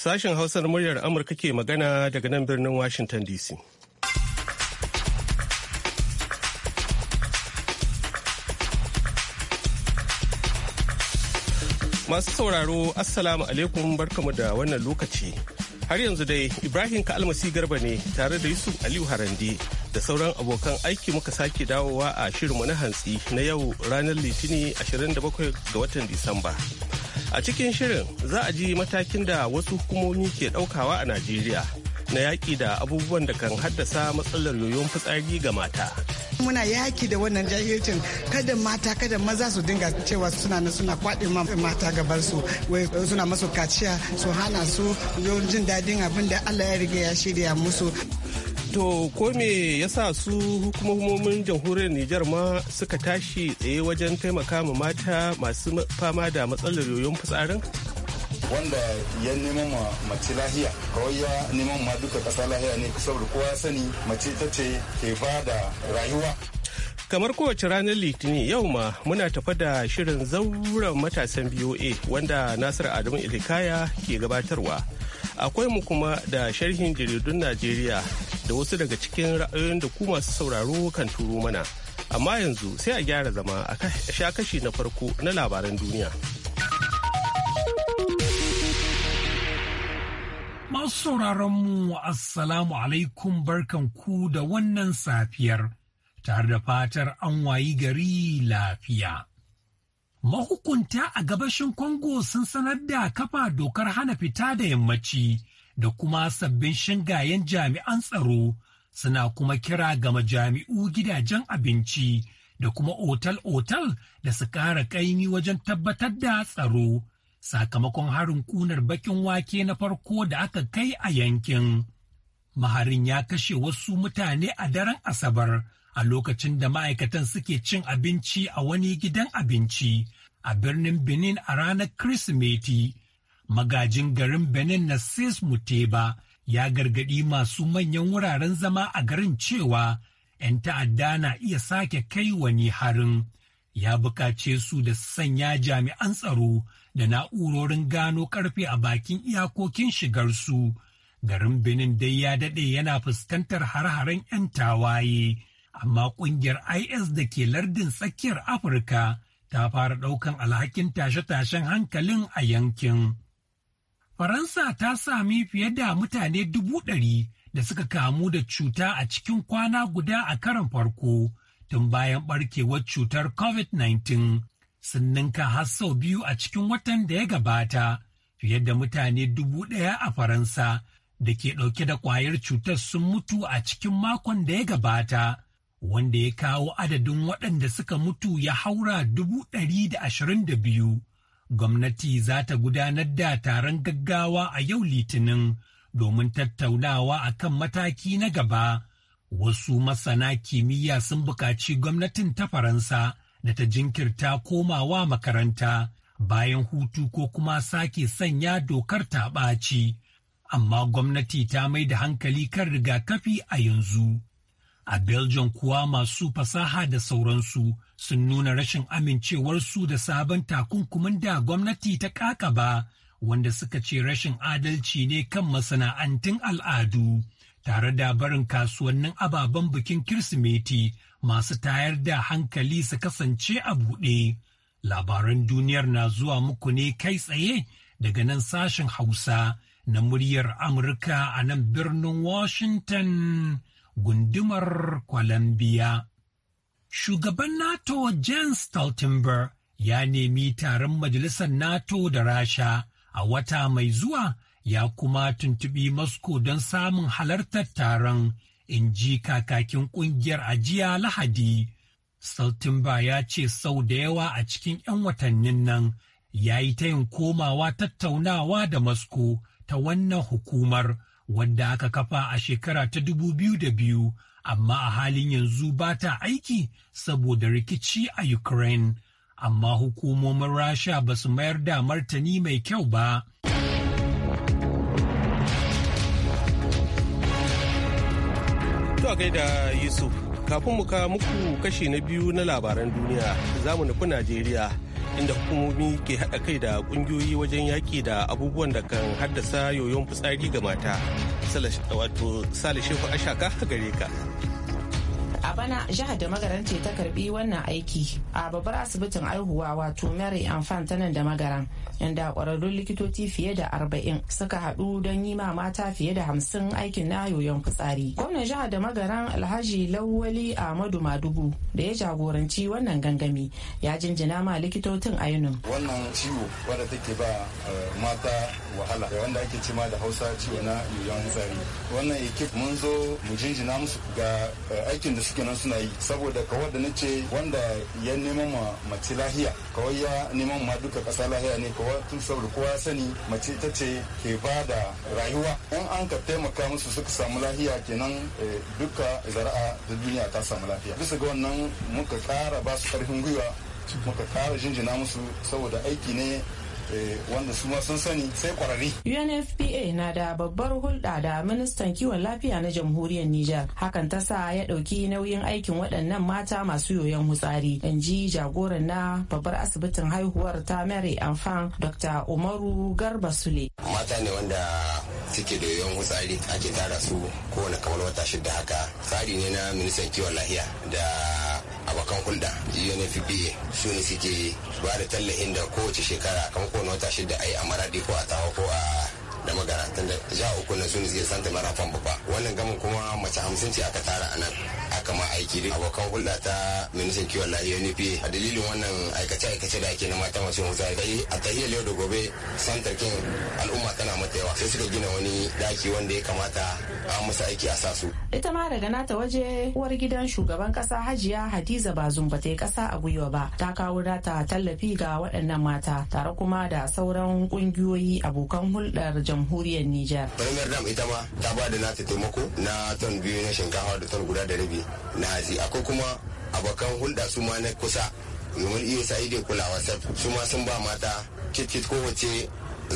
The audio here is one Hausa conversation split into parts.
Sashen Hausar muryar Amurka ke magana daga nan birnin Washington DC. Masu sauraro, Assalamu alaikum barkamu da wannan lokaci. Har yanzu dai Ibrahim Ka'almasi Garba ne tare da Yusuf Aliyu Harande da sauran abokan aiki muka sake dawowa a shirinmu na hantsi na yau ranar Litini 27 ga watan Disamba. A cikin shirin za a ji matakin da wasu hukumomi ke ɗaukawa a Najeriya na yaƙi da abubuwan da kan haddasa matsalar yoyon fitsari ga mata. Muna yaƙi da wannan jahilcin kada mata kada maza su dinga cewa suna na suna kwaɗe mata gabar su wai suna masu kaciya su hana su don jin daɗin abin da Allah ya riga ya shirya musu. To ko me yasa su hukumomin jamhuriyar Nijar ma suka tashi tsaye wajen taimaka ma mata masu fama da matsalar yoyon fitsarin? Wanda ya neman ma mace lahiya, kawai ya neman ma duka ƙasa lahiya ne saboda kowa sani mace ta ce ke ba da rayuwa. kamar kowace ranar litinin yau ma muna tafa da shirin zauren matasan boa wanda nasir adamu ilikaya ke gabatarwa akwai mu kuma da sharhin jaridun najeriya da wasu daga cikin ra'ayoyin da ku masu sauraro kan turo mana amma yanzu sai a gyara zama a sha kashi na farko na labaran duniya masu sauraron mu assalamu alaikum barkan ku da wannan safiyar tare da fatar an wayi gari lafiya. Mahukunta a gabashin Congo sun sanar da kafa dokar hana fita da yammaci da kuma sabbin shingayen jami'an tsaro suna kuma kira ga majami'u gidajen abinci da kuma otal-otal da su kara kaimi wajen tabbatar da tsaro sakamakon harin kunar bakin wake na farko da aka kai a yankin. Maharin ya kashe wasu mutane a daren Asabar. a lokacin da ma'aikatan suke cin abinci a wani gidan abinci a birnin Benin a ranar Kirsimeti. Magajin garin Benin na Sis Muteba ya gargaɗi masu manyan wuraren zama a garin cewa 'yan ta'adda na iya sake kai wani harin. Ya bukace su da sanya jami'an tsaro da na'urorin gano karfe a bakin iyakokin shigarsu. Garin Benin dai ya daɗe yana fuskantar har-haren 'yan tawaye. amma ƙungiyar is da ke lardin tsakiyar afirka ta fara ɗaukan alhakin tashe-tashen hankalin a yankin faransa ta sami fiye da mutane dubu ɗari da suka kamu da cuta a cikin kwana guda a karan farko tun bayan barkewar cutar covid-19 sun ninka har sau biyu a cikin watan da ya gabata fiye da mutane dubu ɗaya a faransa da ke ɗauke da ƙwayar cutar sun mutu a cikin makon da ya gabata wanda ya kawo adadin waɗanda suka mutu ya haura dubu ɗari da ashirin da biyu. Gwamnati za ta gudanar da taron gaggawa a yau Litinin domin tattaunawa a kan mataki na gaba. Wasu masana kimiyya sun buƙaci gwamnatin ta Faransa da ta jinkirta komawa makaranta bayan hutu ko kuma sake sanya dokar ta ɓaci. Amma gwamnati ta mai da hankali kan rigakafi a yanzu. A Belgium kuwa masu fasaha da sauransu sun nuna rashin amincewarsu da sabon takunkumin da gwamnati ta ƙaƙaba wanda suka ce rashin adalci ne kan masana'antun al'adu tare da barin kasuwannin ababen bikin Kirsimeti masu tayar da hankali su kasance a buɗe. Labaran duniyar na zuwa muku ne kai tsaye daga nan sashen Hausa na muryar Amurka a nan birnin Washington. gundumar Colombia. Shugaban NATO Jens Stoltenberg ya nemi taron Majalisar NATO da Rasha a wata mai zuwa ya kuma tuntubi Moscow don samun halartar taron, in ji kakakin ƙungiyar ajiya Lahadi. Stoltenberg ya ce sau da yawa a cikin 'yan watannin nan ya yi ta yin komawa tattaunawa da Moscow ta wannan hukumar wanda aka kafa a shekara ta dubu biyu da biyu, amma a halin yanzu ba ta aiki saboda rikici a Ukraine. Amma hukumomin Rasha ba su mayar da martani mai kyau ba. Zuwa gaida Yusuf, kafin mu ka muku kashi na biyu na labaran duniya, za mu nufi Najeriya. inda hukumomi ke haɗa kai da ƙungiyoyi wajen yaƙi da abubuwan da kan haddasa yoyon fitsari ga mata. Sale Shehu Ashaka gare ka. a bana jihar da magaran ce ta karbi wannan aiki a babbar asibitin aihuwa wato mary amfan ta nan da magaran inda kwararrun likitoci fiye da arba'in suka haɗu don yi ma mata fiye da hamsin aikin na yoyon fitsari gwamnan jihar da magaran alhaji lawali ahmadu madugu da ya jagoranci wannan gangami ya jinjina ma likitocin ainun wannan ciwo wadda take ba eh, mata wahala wanda ake cima da hausa ciwo na yoyon fitsari wannan ekip mun zo mu jinjina musu ga eh, aikin da kenan suna yi saboda kawai da na ce wanda ya neman ma mace lahiya kawai ya neman ma duka kasa lahiya ne kawai tun saboda kowa sani mace ta ce ke ba da rayuwa in an ka taimaka musu suka samu lahiya kenan eh, duka zara'a da duniya ta samu lafiya bisa ga wannan muka kara ba su karfin gwiwa muka kara jinjina musu saboda aiki ne Eh, wanda su ma sun sani sai kwararri. UNFPA na da babbar hulɗa da ministan kiwon lafiya na jamhuriyar Nijar. Hakan ta sa ya ɗauki nauyin aikin waɗannan mata masu yoyon hutsari. In ji jagoran na babbar asibitin haihuwar ta Mary Amfan Dr. Umaru Garba Sule. Mata ne wanda suke da yoyon hutsari ake tara su kowane kamar wata shida haka. Tsari ne na ministan kiwon lafiya da abokan hulɗa UNFP su ne suke ba da talla da kowace shekara kamar kowane wata shida a yi a maradi ko a tawa ko a da magana tunda ja uku na su ne suke santa marafan babba wannan gamin kuma mace hamsin ce aka tara a nan kamar aiki abokan hulɗa ta ministan kiwon lafiya nufi a dalilin wannan aikace-aikace da ake na mata masu mutane a tahiyar yau da gobe santar kin al'umma tana mata yawa sai suka gina wani daki wanda ya kamata a musu aiki a sasu. ita ma daga nata waje uwar gidan shugaban kasa hajiya hadiza bazum ba ta yi kasa a gwiwa ba ta kawo data tallafi ga waɗannan mata tare kuma da sauran ƙungiyoyi abokan hulɗar jamhuriyar nijar. premier dam ita ma ta ba da nata taimako na ton biyu na shinkafa da ton guda da rabi na hatsi akwai kuma abokan hulɗa su ma na kusa domin iya sa ide kulawa sab su ma sun ba mata cikin kowace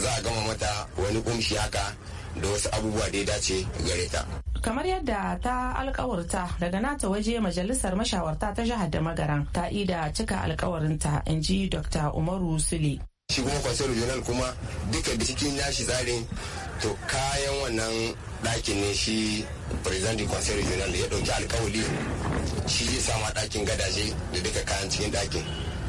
za a gama mata wani kumshi haka da wasu abubuwa da ya dace gare ta. kamar yadda ta alkawarta daga nata waje majalisar mashawarta ta jihar da magaran ta ida cika alkawarinta in ji dr umaru sule shi kuma kwasar regional kuma duka da cikin nashi tsarin to kayan wannan ɗakin ne shi president kwasar regional ya ɗauki alkawali shi zai sama ɗakin gadaje da duka kayan cikin ɗakin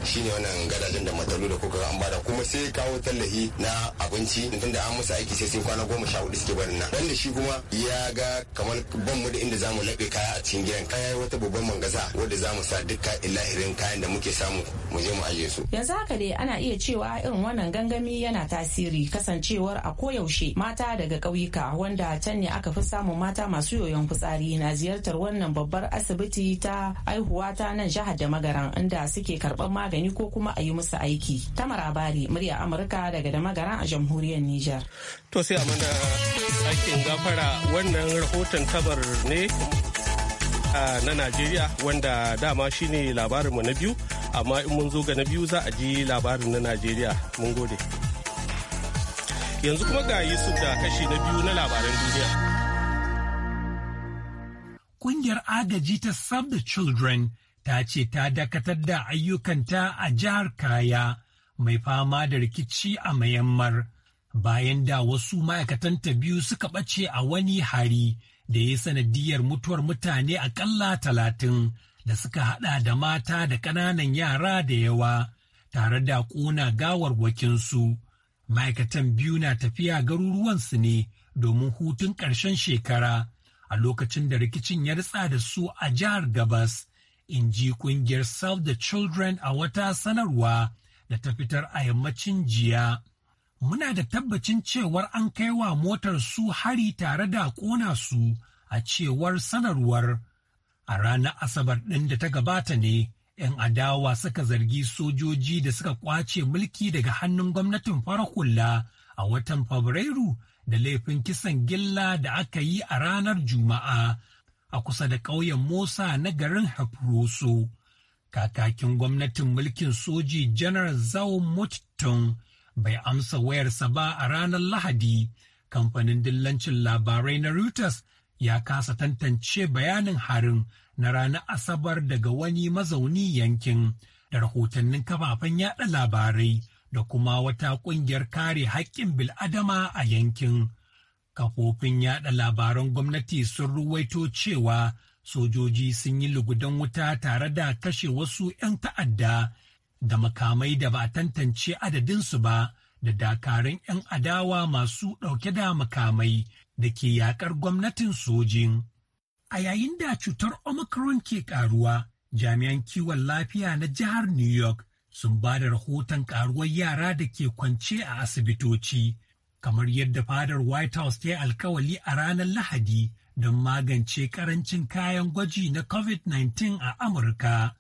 shine wannan gadajen da matalu da kuka an bada kuma sai kawo tallahi na abinci tun da an musu aiki sai sun kwana goma sha hudu suke barin nan dan shi kuma ya ga kamar ban mu da inda zamu laɓe kaya a cikin gidan kaya wata babban mangaza wanda zamu sa duka ilahirin kayan da muke samu mu je mu aje su yanzu haka dai ana iya cewa irin wannan gangami yana tasiri kasancewar a koyaushe mata daga ƙauyuka wanda can ne aka fi samun mata masu yoyon fitsari na ziyartar wannan babbar asibiti ta aihuwa ta nan jihar da magaran inda suke karɓar magani magani ko kuma a yi musu aiki tamara bari murya amurka daga da magara a jamhuriyar niger to sai a mana aikin gafara wannan rahoton tabar ne na najeriya wanda dama shine labarinmu na biyu amma in mun zo ga na biyu za a ji labarin na najeriya mun gode yanzu kuma ga su da kashi na biyu na labaran duniya kungiyar agaji ta Save the Children ta ce ta dakatar da ayyukanta a jihar Kaya mai fama da rikici a Mayammar bayan da wasu ma'aikatanta biyu suka ɓace a wani hari da ya sanadiyar mutuwar mutane aƙalla talatin da suka haɗa da mata da ƙananan yara da yawa tare da ƙona wakinsu. Ma'aikatan biyu na tafiya garuruwansu ne domin hutun ƙarshen shekara a lokacin da rikicin ya ritsa da su a jihar Gabas. in ji kungiyar Save the Children a wata sanarwa da ta fitar a yammacin jiya. Muna da tabbacin cewar an kai wa motar su hari tare da ƙona su a cewar sanarwar. A ranar Asabar ɗin da ta gabata ne, ‘yan adawa suka zargi sojoji da suka ƙwace mulki daga hannun gwamnatin farar hula a watan Fabrairu da laifin kisan gilla da aka yi a ranar Juma'a. a kusa da ƙauyen Musa na garin Hafroso. Kakakin gwamnatin mulkin soji Janar Zau mutton bai amsa wayarsa ba a ranar Lahadi. Kamfanin dillancin labarai na Reuters ya kasa tantance bayanin harin na ranar Asabar daga wani mazauni yankin da rahotannin kafafen yada labarai da kuma wata ƙungiyar kare haƙƙin bil'adama a yankin. Kafofin yada labaran gwamnati sun ruwaito cewa sojoji sun yi lugudan wuta tare da kashe wasu 'yan ta'adda da makamai da ba tantance adadinsu ba da dakarun 'yan adawa masu ɗauke da makamai da ke yakar gwamnatin sojin. A yayin da cutar Omicron ke karuwa, jami'an kiwon lafiya na jihar New York sun ba da rahoton karuwar yara da ke kwance a asibitoci kamar yadda fadar White House ta yi alkawali a ranar Lahadi don magance karancin kayan gwaji na COVID-19 a Amurka.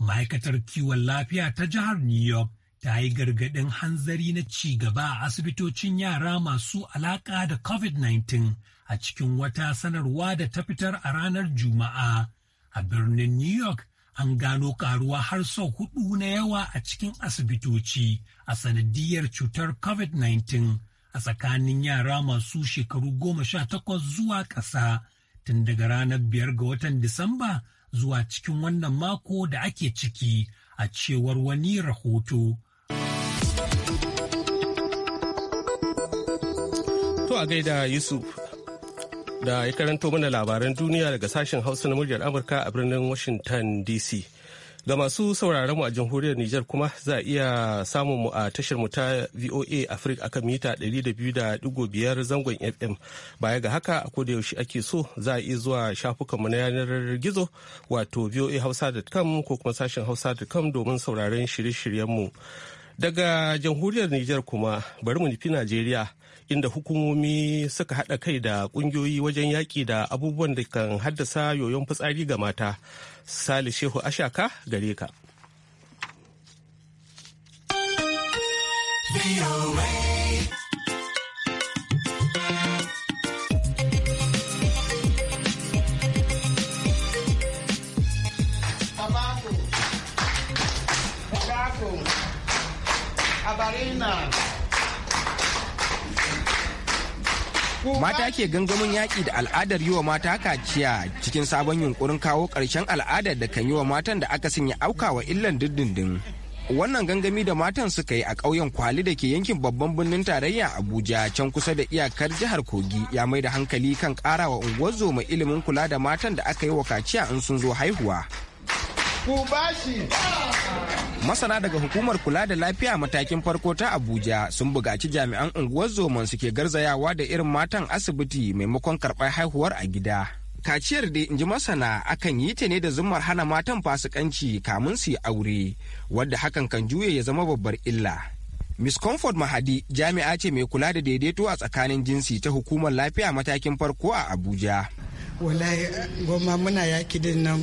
Ma'aikatar kiwon lafiya ta jihar New York ta yi gargaɗin hanzari na ci gaba a asibitocin yara masu alaƙa da COVID-19 a cikin wata sanarwa da ta fitar a ranar Juma'a. A birnin New York an gano karuwa har sau hudu na yawa a cikin asibitoci a sanadiyar cutar COVID-19. a tsakanin yara masu shekaru goma sha takwas zuwa ƙasa tun daga ranar biyar ga watan Disamba zuwa cikin wannan mako da ake ciki a cewar wani rahoto. To a gaida Yusuf da ya karanto mana labaran duniya daga sashen Hausa na muryar Amurka a birnin Washington DC. Ga masu sauraron mu a jamhuriyar Nijar kuma za a iya samun mu a tashar mu ta VOA Africa akan mita 200.5 zangon FM. Baya ga haka a koda yaushe ake so za a iya zuwa shafukan mu na yanar gizo wato voahausa.com ko kuma sashen hausa.com domin sauraron shirye-shiryen mu. Daga jamhuriyar Nijar kuma bari mu nufi Najeriya. inda hukumomi suka haɗa kai da ƙungiyoyi wajen yaƙi da abubuwan da kan haddasa yoyon fitsari ga mata. sali Shehu Ashaka gare ka. Abarina. Mata ke gangamin yaƙi da al'adar yi wa mata kaciya cikin sabon yunkurin kawo ƙarshen al'adar da kan yi wa matan da aka sanya aukawa illan dindindin. Wannan gangami da matan suka yi a ƙauyen kwali da ke yankin babban birnin tarayya Abuja can kusa da iyakar jihar Kogi ya mai da hankali kan ƙarawa unguwar zoma ilimin kula da matan da aka yi wa kaciya in sun zo haihuwa. masana daga hukumar kula da lafiya matakin farko ta abuja sun bugaci jami'an unguwar zoman suke garzayawa da irin matan asibiti maimakon karɓar haihuwar a gida kaciyar da inji masana akan yi ta ne da zummar hana matan fasikanci kamun su yi aure wadda hakan kan juya ya zama babbar illa Miss Comfort Mahadi jami'a ce mai kula da daidaito a tsakanin jinsi ta hukumar lafiya matakin farko a Abuja. wallahi goma muna yaki din nan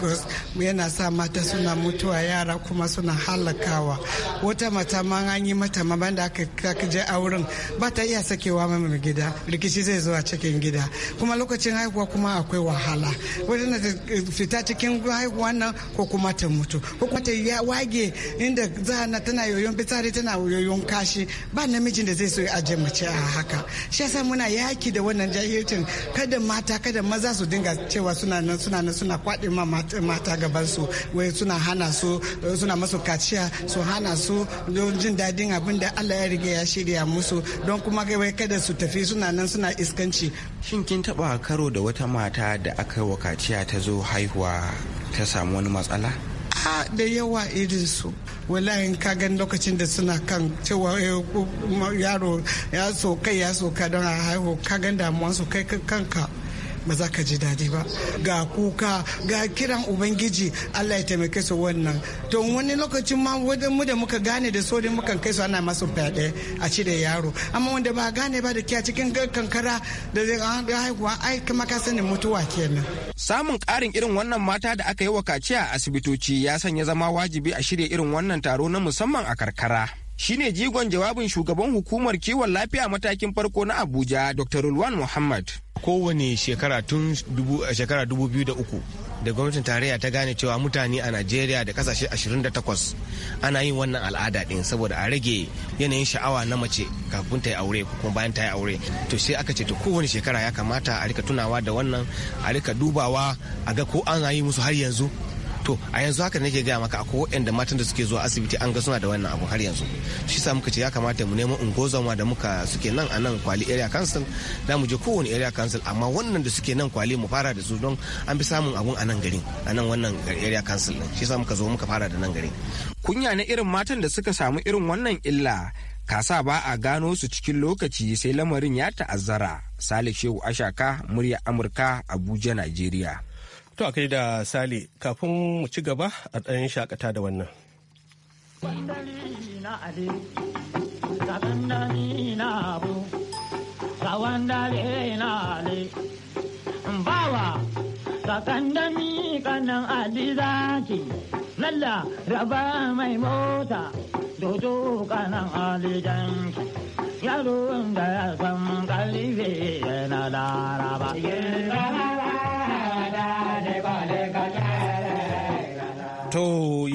gos yana sa mata suna mutuwa yara kuma suna halakawa wata mata ma an yi mata ma banda aka je auren ba ta iya sakewa mai gida rikici zai zo a cikin gida kuma lokacin haihuwa kuma akwai wahala wajen ta fita cikin haihuwa nan ko kuma ta mutu ko kuma ta wage inda na tana yoyon fitsari tana yoyon kashi ba namijin da zai so a aje mace a haka shi yasa muna yaki da wannan jahilcin kada mata kada da maza su dinga cewa suna nan suna nan suna kwaɗe ma mata gaban su wai suna hana su suna masu kaciya su hana su don jin daɗin abin da Allah ya riga ya shirya musu don kuma wai kada su tafi suna nan suna iskanci. Shin kin taɓa karo da wata mata da aka wa kaciya ta zo haihuwa ta samu wani matsala? a da yawa irin su wallahi ka gan lokacin da suna kan cewa eh, yaro ya soka ya soka don a haihu ka gan damuwan su kai kanka ba za ka ji daɗi ba ga kuka ga kiran ubangiji allah ya taimake su wannan to wani lokacin ma wajen mu da muka gane da sodin muka kai su ana masu fyaɗe a ci da yaro amma wanda ba gane ba da kya cikin kankara da zai haihuwa ai kuma ka sani mutuwa kenan samun karin irin wannan mata da aka yi wa kaciya a asibitoci ya sanya zama wajibi a shirya irin wannan taro na musamman a karkara shine jigon jawabin shugaban hukumar kiwon lafiya matakin farko na abuja dr rulwan muhammad kowane shekara tun eh, shekara 2003 da gwamnatin tarayya ta gane cewa mutane a najeriya da kasashe 28 ana yin wannan al'ada ɗin saboda a rage yanayin sha'awa na mace kafin ta yi aure ko kuma bayan ta yi aure to sai aka ce to kowane shekara ya kamata a rika tunawa da wannan a rika dubawa a ga ko an yi musu har yanzu to a yanzu haka nake gaya maka akwai waɗanda matan da suke zuwa asibiti an ga suna da wannan abu har yanzu shi sa muka ce ya kamata mu nemo ungozoma da muka suke nan a nan kwali area council za mu je kowane area council amma wannan da suke nan kwali mu fara da su don an fi samun abun a nan garin a nan wannan area council din shi sa muka zo muka fara da nan garin kunya na irin matan da suka samu irin wannan illa kasa ba a gano su cikin lokaci sai lamarin ya ta'azzara sale shehu ashaka murya amurka abuja nigeria. To a da Sale kafin mu ci gaba a ɗan shakata da wannan. Bawa sakandami kanan Ali zaki, lalla raba mai mota, dodo kanan Ali janki, yaron da ya san kalife yana laraba.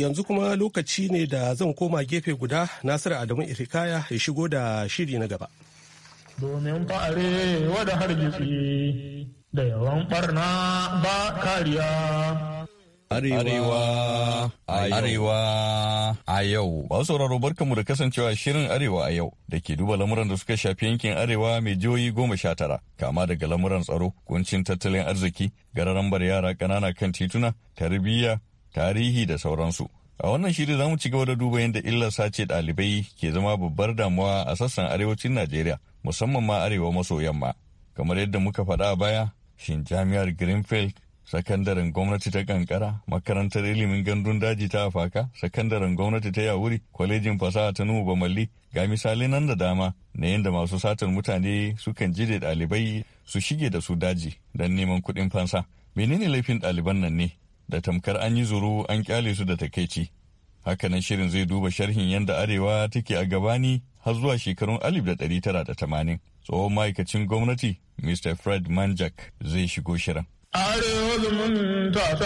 yanzu kuma lokaci ne da zan koma gefe guda Nasiru Adamu Irikaya ya shigo da shiri na gaba. Domin fa'are wada hargitsi da yawan barna ba kariya. Arewa Arewa a yau. Ba sauraro barkanmu da kasancewa shirin Arewa a yau da ke duba lamuran da suka shafi yankin Arewa mai jihohi goma sha tara kama daga lamuran tsaro, kuncin tattalin arziki, gararambar yara ƙanana kan tituna, tarbiyya, tarihi da sauransu. A wannan shiri za mu ci gaba da duba yadda illar sace ɗalibai ke zama babbar damuwa a sassan arewacin Najeriya, musamman ma arewa maso yamma. Kamar yadda muka faɗa a baya, shin jami'ar Greenfield, sakandaren gwamnati ta kankara, makarantar ilimin gandun daji ta afaka, sakandaren gwamnati ta yawuri, kwalejin fasaha ta Nuhu Bamalli, ga misali nan da dama na yadda masu satar mutane sukan jide dalibai ɗalibai su shige da su daji don neman kuɗin fansa. Menene laifin ɗaliban nan ne? da tamkar an yi zuru an kyale su da takaici. Hakanan shirin zai duba sharhin yadda Arewa take a gabani har zuwa shekarun 1980. Tsohon ma'aikacin gwamnati, Mr. Fred Manjak zai shigo shirin. Arewa ta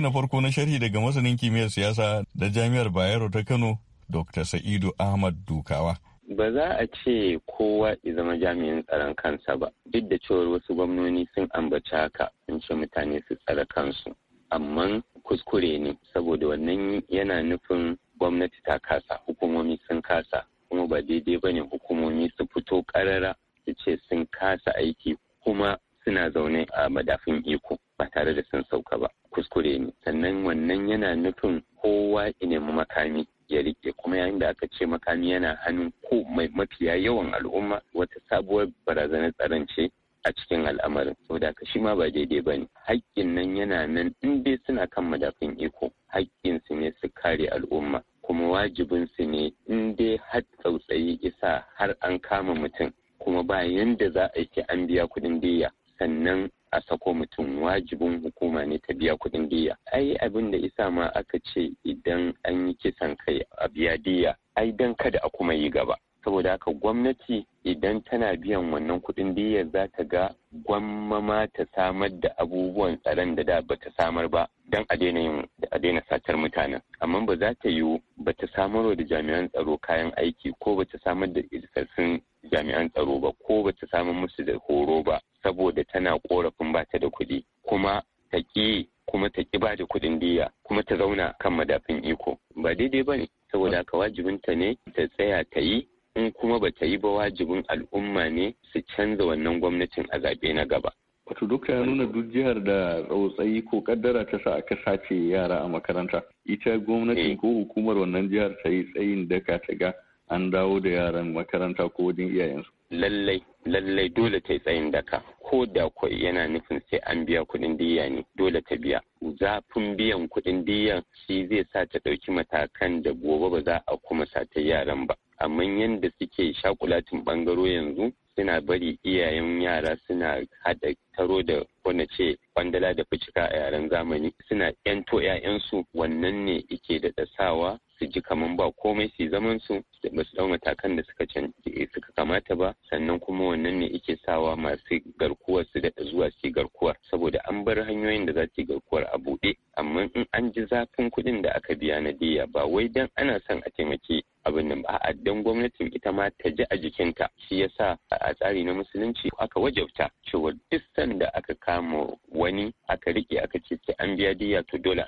na farko na sharhi daga masanin kimiyyar siyasa da jami'ar Bayero ta Kano, Dr. Sa'idu Ahmad Dukawa. ba za a ce kowa ya zama jami'in tsaron kansa ba duk da cewar wasu gwamnoni sun ambaci haka sun ce mutane su tsara kansu amma kuskure ne saboda wannan yana nufin gwamnati ta kasa hukumomi sun kasa kuma ba daidai ba ne hukumomi su fito karara su ce sun kasa aiki kuma suna zaune a madafin iko ba tare da sun sauka ba kuskure ne sannan wannan yana nufin kowa ne makami ya rike kuma yayin da aka ce makami yana hannun ko mai mafiya yawan al'umma wata sabuwar barazanar tsaron ce a cikin al'amarin saboda ka shi ma ba daidai ba ne haƙƙin nan yana nan in dai suna kan madafin iko haƙƙinsu ne su kare al'umma kuma wajibin su ne in dai har tsautsayi isa har an kama mutum kuma ba yanda za a yi an biya kuɗin diya sannan a sako mutum wajibin hukuma ne ta biya kuɗin diya ai abin da isa ma aka ce idan an yi kisan kai a biya diya ai dan kada a kuma yi gaba saboda haka gwamnati idan tana biyan wannan kuɗin diya za ta ga gwamma ta samar da abubuwan tsaron da da ba ta samar ba don a daina yin a daina satar mutanen amma ba za ta yiwu ba ta samar da jami'an tsaro kayan aiki ko ba ta samar da isassun jami'an tsaro ba ko ba ta samar musu da horo ba saboda tana korafin ba ta da kuɗi kuma ta ƙi kuma ta ƙi ba da kuɗin diya kuma ta zauna kan madafin iko ba daidai ba ne saboda haka wajibinta ne ta tsaya ta yi in kuma ba ta yi ba wajibin al'umma ne su canza wannan gwamnatin a zaɓe na gaba. Wato duk ya nuna duk jihar da tsautsayi ko kaddara ta sa aka sace yara a makaranta. Ita gwamnatin eh. ko hukumar wannan jihar ta yi tsayin daka ta ga an dawo da yaran makaranta ko wajen iyayensu. lallai lallai dole ta yi tsayin daka ko da kwai yana nufin sai an biya kudin diya ne dole ta biya zafin biyan kudin diyan shi zai sa ta ɗauki matakan da gobe ba za a kuma sata yaran ba amma yadda suke shakulatin bangaro yanzu suna bari iyayen yara suna hada taro da wanda ce kwandala da ficika a yaren zamani suna yanto 'ya'yansu wannan ne ike da sawa su ji kaman ba komai su zaman su ba su dau matakan da suka eh, suka kamata ba sannan kuma wannan ne ike sawa masu garkuwar su da zuwa su garkuwar saboda an bar hanyoyin da za su garkuwar a buɗe amma in an ji zafin kuɗin da aka biya na diya ba wai dan ana son a taimake abin nan ba a dan gwamnatin ita ma ta ji a jikinta shi yasa a tsari na musulunci aka wajabta cewa duk sanda aka kama wani aka rike aka ce sai an biya diya to dole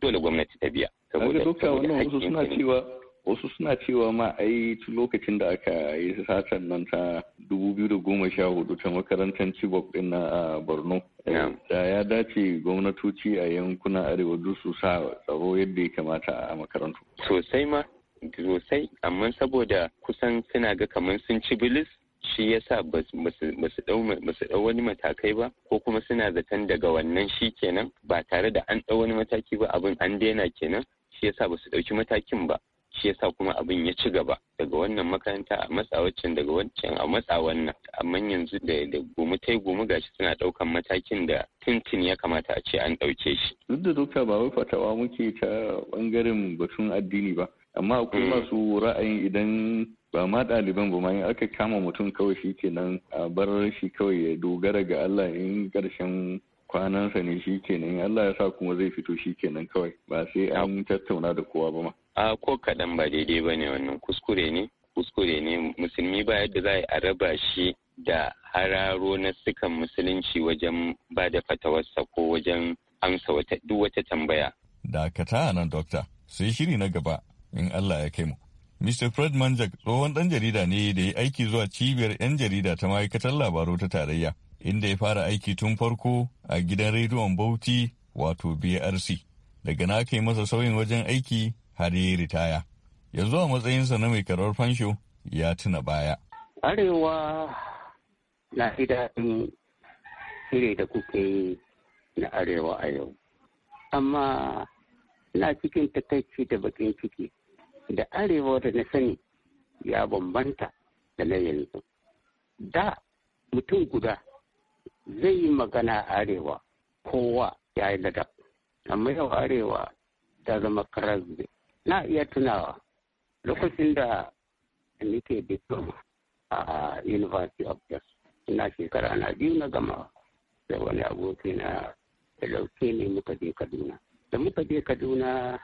dole gwamnati ta biya saboda wannan wasu suna cewa wasu suna cewa ma ai lokacin da aka yi satan nan ta 2014 ta makarantar cibok din na Borno eh, da ya dace gwamnatoci a yankunan arewa dusu su sa tsaro yadda ya kamata a makarantu sosai ma sosai amma saboda kusan suna ga kamar sun ci bilis shi yasa ba su dau wani matakai ba ko kuma suna zaton daga wannan shi kenan ba tare da an dau wani mataki ba abin an daina kenan shi yasa ba su dauki matakin ba shi yasa kuma abin ya ci gaba daga wannan makaranta a matsa daga wancan a matsa wannan amma yanzu da da gumu tai gumu gashi suna daukan matakin da tintin ya kamata a ce an dauke shi duk da duka ba wai fatawa muke ta bangaren batun addini ba amma akwai mm. masu ra'ayin idan ba ma ɗaliban ba ma in aka kama mutum kawai shi kenan a bar shi kawai ya dogara ga Allah in ƙarshen kwanansa ne shi kenan Allah ya sa kuma zai fito shi kenan kawai ba sai an tattauna da kowa ba ma. A ko kaɗan ba daidai ba ne wannan kuskure ne kuskure ne musulmi ba yadda za a raba shi da hararo na sukan musulunci wajen ba da fatawarsa ko wajen amsa duk wata tambaya. Dakata nan dokta sai shiri na gaba in Allah ya kai mu. Mr. Fred Manjak tsohon ɗan jarida ne da ya aiki zuwa cibiyar 'yan jarida ta ma'aikatar labaru ta tarayya, inda ya fara aiki tun farko a gidan rediyon Bauchi wato BRC. Daga na aka yi masa sauyin wajen aiki har ya ritaya. Yanzu a matsayinsa na mai karar fansho ya tuna baya. Arewa na idan shirye da kuke yi na Arewa a yau. Amma na cikin takaici da bakin ciki. da arewa da na sani ya bambanta da na yanzu da mutum guda zai yi magana arewa kowa ya yi da amma yau arewa ta zama karazbe na iya tunawa lokacin da nike diploma a university of jos ina shekara na biyu na gama da wani aboki da lauke ne muka je kaduna da muka je kaduna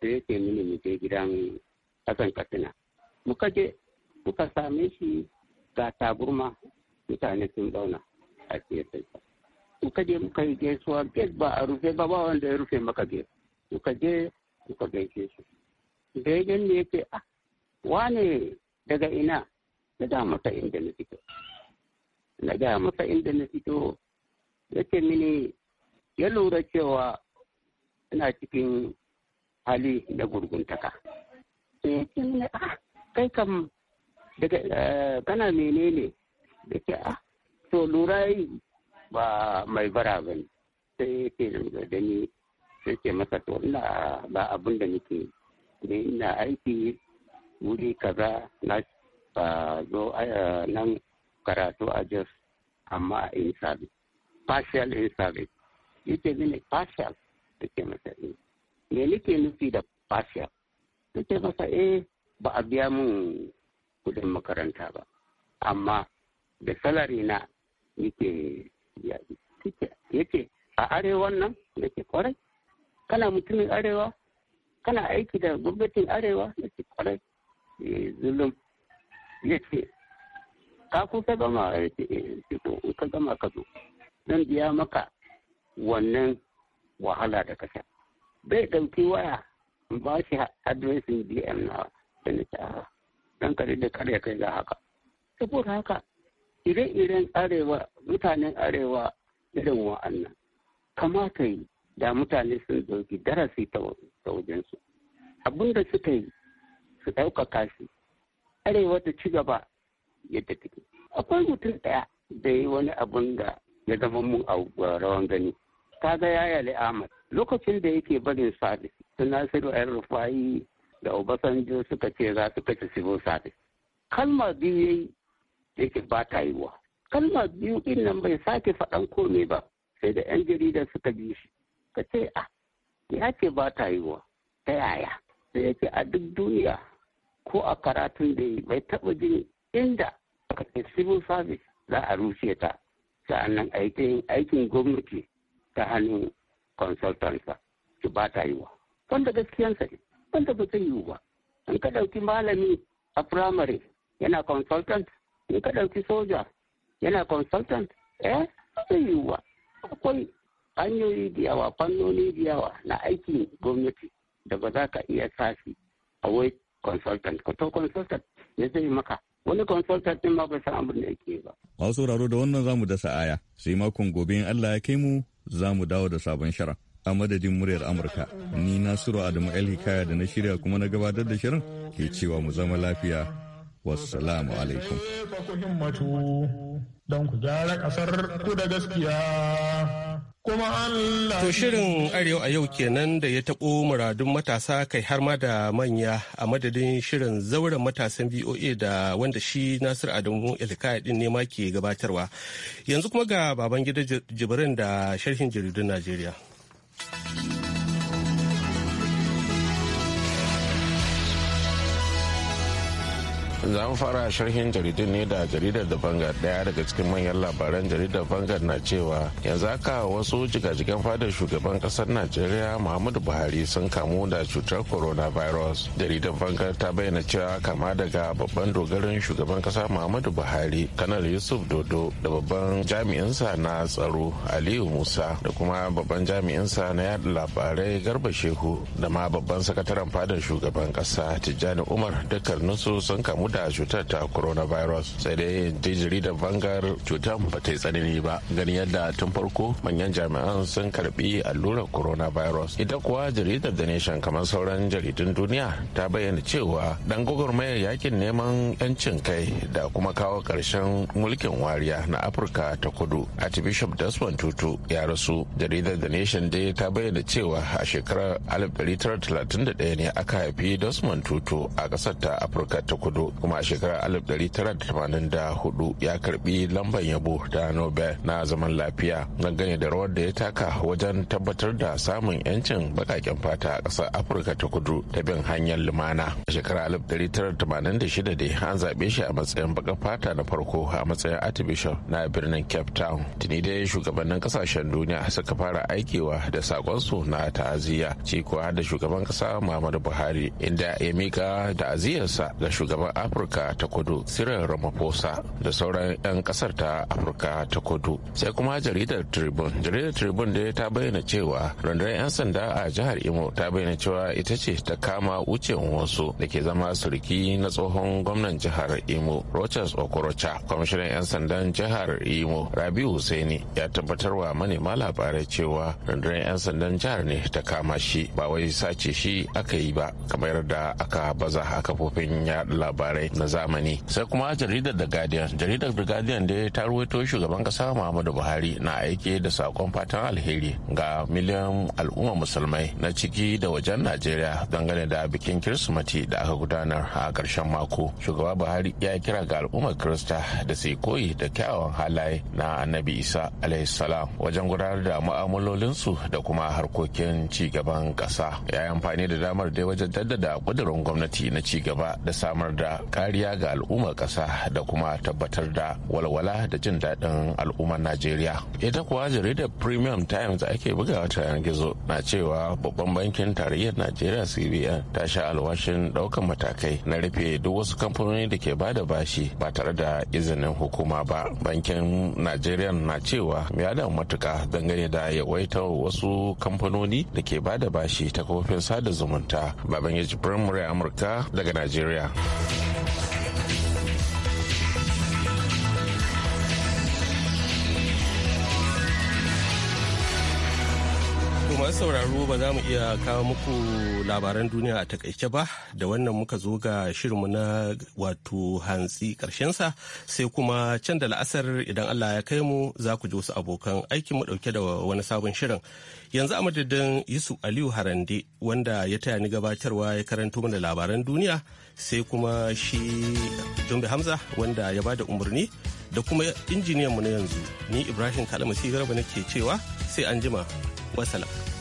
da yake mini mu je gidan kasan mu muka je muka same shi ga taburma mutane sun zauna a Mu muka je muka yi gaisuwa gate ba a rufe ba ba wanda ya rufe maka gate muka je muka gaishe shi da ya gani ya ce ah wane daga ina na da masa inda na fito na da masa inda na fito ya ce mini ya lura cewa ina cikin hali na gurguntaka ya eh, ah, kai kam daga eh, kana menene da ke a? Ah, to lura yi ba mai bara ba ne sai ya ce da ni sai ke masa to ina ba abin da nake ne ina aiki wuri kaza na zo eh, nan karatu a jos amma in service partial in service yace mini partial da ke masa in me nake nufi da fasiya ta ce masa eh ba a biya min kudin makaranta ba amma da salari na nake ya ce a arewa nan ya ke kwarai kana mutumin arewa kana aiki da gwamnatin arewa ya ke kwarai eh, zulum ya ce ka kusa gama ya ce eh. ka gama ka zo zan biya maka wannan wahala da ka sha bai ɗauki waya in ba shi adresin dm na da na ta dan kare da kare kai ga haka saboda haka ire-iren arewa mutanen arewa irin wa'annan kamata yi da mutane sun ɗauki darasi ta wajensu abin da suka yi su ɗaukaka shi arewa ta ci gaba yadda take akwai mutum ɗaya da yi wani abin da ya zama mun a rawan gani ta ga yaya li Ahmad lokacin da yake barin sabis su Nasiru ‘yan Rufayi da Obasanjo suka ce za su kace sibo Sabis. Kalma biyu yayi yake ba ta wa. Kalma biyu din nan bai sake faɗan komai ba sai da ‘yan jarida suka bi shi. Ka ce a ah, ya ce ba ta wa ta yaya. Sai yake a duk duniya ko a karatun da yi bai taɓa jin inda civil Sabis za a rushe ta sa'annan aikin gwamnati ta hannun consultant su ki ba ta yiwa wanda gaskiyansa ne wanda ba zai yiwu ba in ka ɗauki malami a primary yana consultant in ka ɗauki soja yana consultant eh zai yiwu ba akwai hanyoyi da yawa fannoni da yawa na aikin gwamnati da ba za ka iya sashi a wai consultant ka to consultant ya zai maka wani consultant ma bai san abin da yake ba. Masu sauraro da wannan zamu dasa aya sai makon gobe in Allah ya kai mu zamu dawo da sabon shara. A madadin muryar Amurka, ni Nasiru Adamu El Hikaya da na shirya kuma na gabatar da shirin ke cewa mu zama lafiya. Wassalamu alaikum. Don gyara ƙasar ku da gaskiya. To shirin Arewa a yau kenan da ya taɓo muradun matasa kai har ma da manya a madadin shirin zauren matasan VOA da wanda shi Nasir Adamu Ilkaya din ne ke gabatarwa. Yanzu kuma ga baban gida Jibrin da sharhin jaridun Najeriya. za mu fara sharhin jaridun ne da jaridar da bangar daya daga cikin manyan labaran jaridar bangar na cewa yanzu haka wasu jigajigan fadar shugaban kasar najeriya muhammadu buhari sun kamu da cutar coronavirus jaridar bangar ta bayyana cewa kama daga babban dogarin shugaban kasa muhammadu buhari kanar yusuf dodo da babban jami'insa na tsaro aliyu musa da kuma babban jami'insa na yada labarai garba shehu da ma babban sakataren fadar shugaban kasa tijjani umar dukkaninsu sun kamu da da cutar ta coronavirus sai dai jijiri da bangar cutar ba ta yi tsanani ba gani yadda tun farko manyan jami'an sun karbi allurar coronavirus ita kuwa jaridar the nation kamar sauran jaridun duniya ta bayyana cewa dan gwagwarmayar yakin neman yancin kai da kuma kawo karshen mulkin wariya na afirka ta kudu archbishop desmond tutu ya rasu jaridar the nation dai ta bayyana cewa a shekarar 1931 ne aka haifi desmond tutu a ƙasar ta afirka ta kudu kuma a shekarar 1984 ya karbi lambar yabo ta nobel na zaman lafiya dangane da rawar da ya taka wajen tabbatar da samun 'yancin bakaken fata a ƙasar afirka ta kudu ta bin hanyar lumana a shekarar 1986 dai an zaɓe shi a matsayin bakar fata na farko a matsayin archbishop na birnin cape town tuni dai shugabannin ƙasashen duniya suka fara aikewa da saƙonsu na ta'aziyya ciko kuwa da shugaban ƙasa muhammadu buhari inda ya mika ta'aziyyarsa ga shugaban afirka afirka ta kudu cyril ramaphosa da sauran 'yan kasar ta afirka ta kudu sai kuma jaridar tribune jaridar tribune da ta bayyana cewa rundunar 'yan sanda a jihar imo ta bayyana cewa ita ce ta kama wucin wasu da ke zama surki na tsohon gwamnan jihar imo rochas okorocha kwamishinan 'yan sandan jihar imo rabi husaini ya tabbatar wa manema labarai cewa rundunar 'yan sandan jihar ne ta kama shi ba wai sace shi aka yi ba kamar da aka baza a kafofin yaɗa labarai labarai na zamani sai kuma jaridar the guardian jaridar the guardian da ta ruwaito shugaban kasa muhammadu buhari na aike da sakon fatan alheri ga miliyan al'umma musulmai na ciki da wajen najeriya dangane da bikin kirsimati da aka gudanar a ƙarshen mako shugaba buhari ya kira ga al'ummar kirista da su koyi da kyawawan halaye na annabi isa alaihissalam wajen gudanar da mu'amalolinsu da kuma harkokin ci gaban ƙasa ya yi amfani da damar dai wajen jaddada ƙudurin gwamnati na ci gaba da samar da kariya ga al'ummar ƙasa da kuma tabbatar da walwala da jin daɗin al'ummar najeriya ita kuwa jaridar premium times da ake buga ta yanar gizo na cewa babban bankin tarayyar najeriya cbn ta sha alwashin ɗaukan matakai na rufe duk wasu kamfanoni da ke ba da bashi ba tare da izinin hukuma ba bankin najeriya na cewa ya da matuka dangane da yawaitar wasu kamfanoni da ke ba da bashi ta kafofin sada zumunta baban yaji primary amurka daga najeriya masu sauraro ba za mu iya kawo muku labaran duniya a takaice ba da wannan muka zo ga shirinmu na wato hantsi sa sai kuma can da la'asar idan Allah ya kai mu za ku ji wasu abokan aikin mu ɗauke da wani sabon shirin yanzu a madadin yusuf aliyu harande wanda ya taya ni gabatarwa ya karanto mana labaran duniya sai kuma shi jumbe hamza wanda ya bada umarni da kuma injiniyan mu na yanzu ni ibrahim kalamasi garba nake cewa sai an jima wasalam